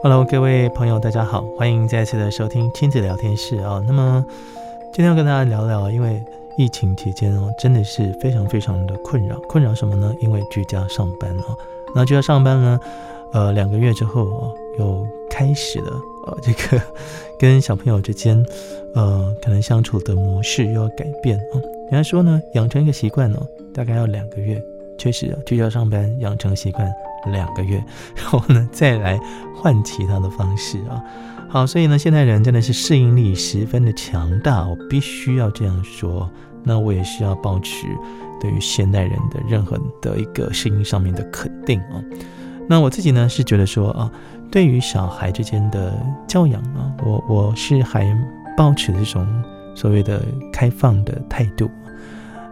Hello，各位朋友，大家好，歡迎再次的收聽親子聊天室啊、哦。那麼今天要跟大家聊聊，因為疫情期間哦，真的是非常非常的困擾。困擾什麼呢？因為居家上班啊，那、哦、居家上班呢，呃，兩個月之後啊、哦，又開始了、哦、這個跟小朋友之間呃，可能相處的模式又要改變啊、哦。人家說呢，養成一個習慣哦，大概要兩個月。確實，啊，居家上班養成習慣。兩個月，然後呢，再來換其他的方式啊。好，所以呢，現代人真的是適應力十分的強大，我必須要這樣說。那我也需要保持對於現代人的任何的一個聲音上面的肯定啊。那我自己呢是覺得說啊，對於小孩之間的教養啊，我我是還保持這種所謂的開放的態度，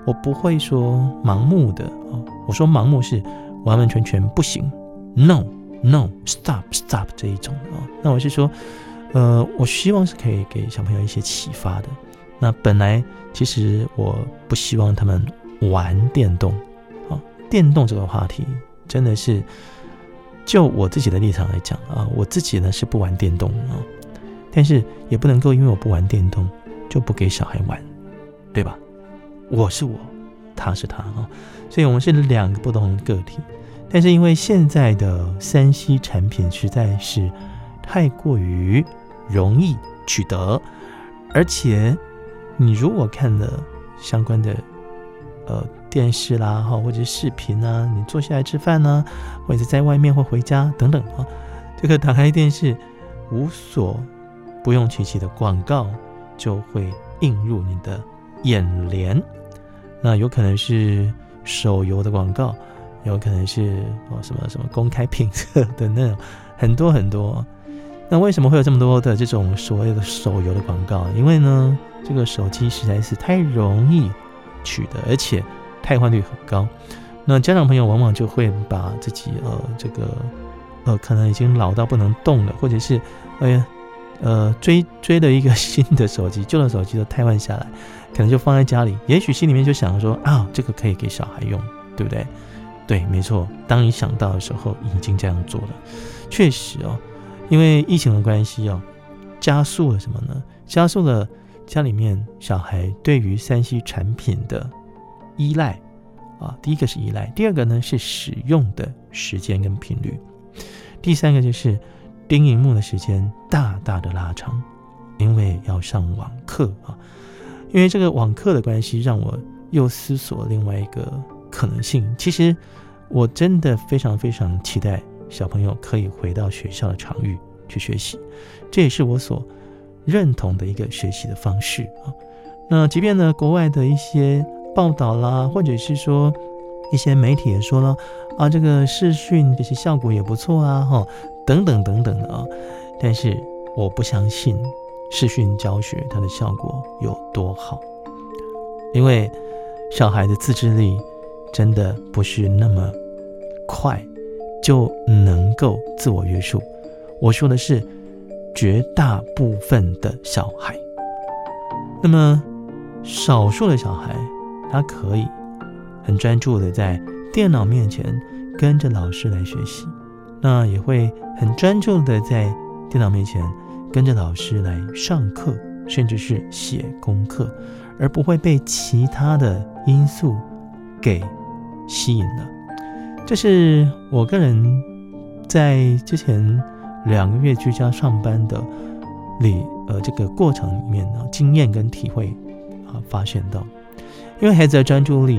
我不會說盲目的啊。我說盲目是。完完全全不行，No, no, stop, stop, 這一種啊，那我是說，呃，我希望是可以給小朋友一些啟發的。那本來其實我不希望他們玩電動，啊，電動這個話題真的是，就我自己的立場來講啊，我自己呢是不玩電動啊，但是也不能夠因為我不玩電動就不給小孩玩，對吧？我是我。他是他哈，所以我們是兩個不同的個體，但是因為現在的三 C 產品實在是太過於容易取得，而且你如果看了相關的呃電視啦哈，或者是視頻吶、啊，你坐下來吃飯呢、啊，或者在外面或回家等等啊，這個打開電視無所不用其極的廣告就會映入你的眼簾。那有可能是手遊的廣告，有可能是哦什麼什麼公開評測等等，很多很多。那為什麼會有這麼多的這種所謂的手遊的廣告？因為呢，這個手機實在是太容易取得，而且汰換率很高。那家長朋友往往就會把自己呃這個呃可能已經老到不能動了，或者是哎呀。呃呃，追追的一個新的手機，舊的手機都汰換下來，可能就放在家裡。也許心裡面就想着說啊，這個可以給小孩用，對不對？對，沒錯。當你想到的時候，已經這樣做了。確實哦，因為疫情的關係哦，加速了什麼呢？加速了家裡面小孩對於三 C 產品的依賴啊。第一個是依賴，第二個呢是使用的時間跟頻率，第三個就是。盯熒幕的時間大大的拉長，因為要上網課啊。因為這個網課的關係，讓我又思索另外一個可能性。其實我真的非常非常期待小朋友可以回到學校的場域去學習，這也是我所認同的一個學習的方式啊。那即便呢，國外的一些報道啦，或者是說一些媒體也說了啊，這個視訊這些效果也不錯啊，哈。等等等等的啊，但是我不相信視訊教學它的效果有多好，因為小孩的自制力真的不是那麼快就能夠自我約束。我說的是絕大部分的小孩，那麼少數的小孩他可以很專注的在電腦面前跟着老師來學習。那、呃、也會很專注的在電腦面前跟着老師來上課，甚至是寫功課，而不會被其他的因素給吸引了。這是我個人在之前兩個月居家上班的裡呃這個過程裡面呢、呃、經驗跟體會啊、呃、發現到，因為孩子的專注力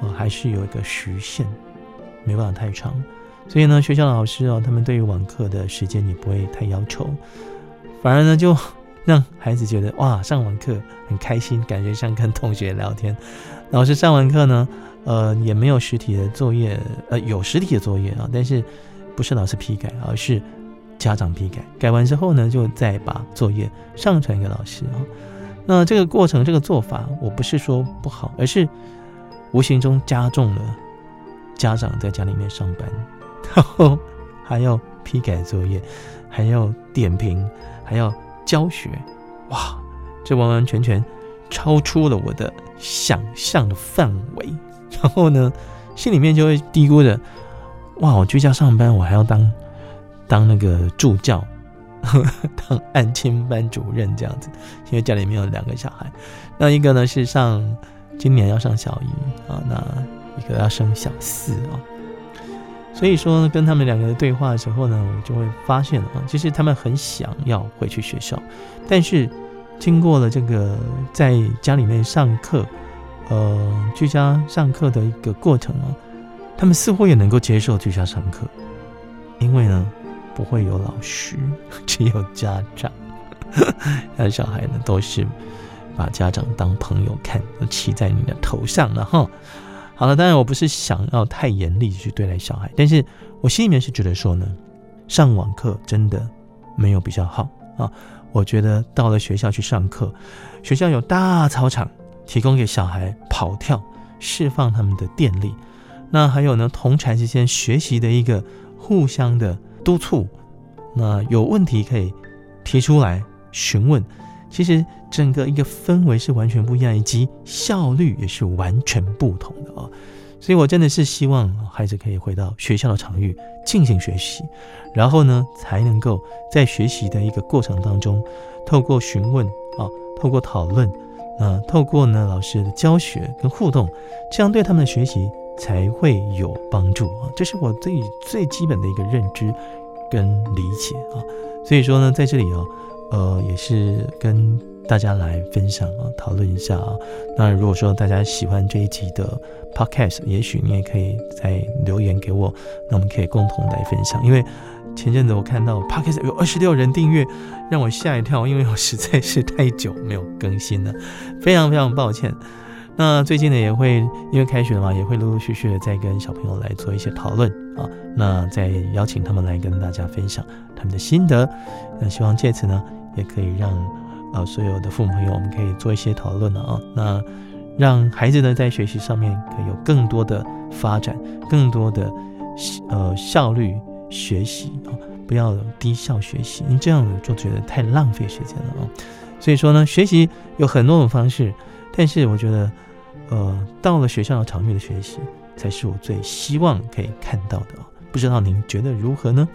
啊、呃、還是有一個時限，沒辦法太長。所以呢，學校老師哦，他們對於網課的時間也不會太要求，反而呢，就讓孩子覺得哇，上網課很開心，感覺像跟同學聊天。老師上完課呢，呃，也沒有實體的作業，呃，有實體的作業啊、哦，但是不是老師批改，而是家長批改，改完之後呢，就再把作業上傳給老師啊、哦。那這個過程，這個做法，我不是說不好，而是無形中加重了家長在家裡面上班，然後還要批改作業，還要點評，還要教學，哇！這完完全全超出了我的想象的範圍。然後呢，心裡面就會嘀咕着：哇，我居家上班，我還要當當那個助教，呵呵當安親班主任這樣子。因為家裡面有兩個小孩，那一個呢是上今年要上小一啊，那一個要升小四啊。所以說呢，跟他們兩個對話的時候呢，我就會發現啊，其實他們很想要回去學校，但是經過了這個在家裡面上課，呃，居家上課的一個過程啊，他們似乎也能夠接受居家上課，因為呢，不會有老師，只有家長， 那小孩呢都是把家長當朋友看，都騎在你的頭上了哈。然後好了，當然我不是想要太嚴厲去對待小孩，但是我心裡面是覺得說呢，上網課真的沒有比較好啊。我覺得到了學校去上課，學校有大操場，提供給小孩跑跳，釋放他們的電力。那還有呢，同儕之間學習的一個互相的督促，那有問題可以提出來詢問。其實整個一個氛圍是完全不一樣，以及效率也是完全不同的啊、哦。所以我真的是希望孩子可以回到學校的場域進行學習，然後呢才能夠在學習的一個過程當中，透過詢問啊，透過討論，啊、透過呢老師的教學跟互動，這樣對他們的學習才會有幫助啊。這是我最最基本的一個認知跟理解啊。所以說呢，在這裡啊、哦。呃，也是跟大家來分享啊，討論一下啊。那如果說大家喜歡這一集的 Podcast，也許你也可以再留言給我，那我們可以共同來分享。因為前陣子我看到 Podcast 有二十六人訂閱，讓我嚇一跳，因為我實在是太久沒有更新了，非常非常抱歉。那最近呢，也會因為開學了嘛，也會陸陸續續的在跟小朋友來做一些討論啊、哦。那再邀請他們來跟大家分享他們的心得。那希望借此呢，也可以讓啊、呃、所有的父母朋友，我們可以做一些討論了啊、哦。那讓孩子呢，在學習上面可以有更多的發展，更多的呃效率學習啊、哦，不要低效學習，你這樣子就覺得太浪費時間了啊、哦。所以說呢，學習有很多種方式。但是我覺得，呃，到了學校要長遠的學習，才是我最希望可以看到的。不知道您覺得如何呢？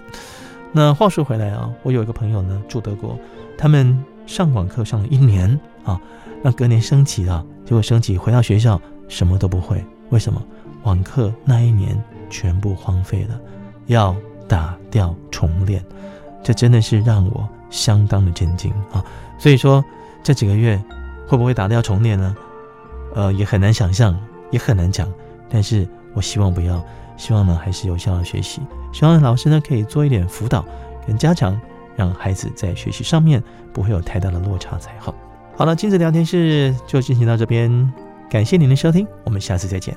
那話說回來啊，我有一個朋友呢，住德國，他們上網課上了一年啊，那隔年升級啊，結果升級回到學校什麼都不會，為什麼？網課那一年全部荒廢了，要打掉重練，這真的是讓我相當的震驚啊！所以說這幾個月。會不會打掉重練呢？呃，也很難想象，也很難講。但是我希望不要，希望呢還是有效的學習。希望老師呢可以做一點輔導跟加強，讓孩子在學習上面不會有太大的落差才好。好了，親子聊天室就進行到這邊，感謝您的收聽，我們下次再見。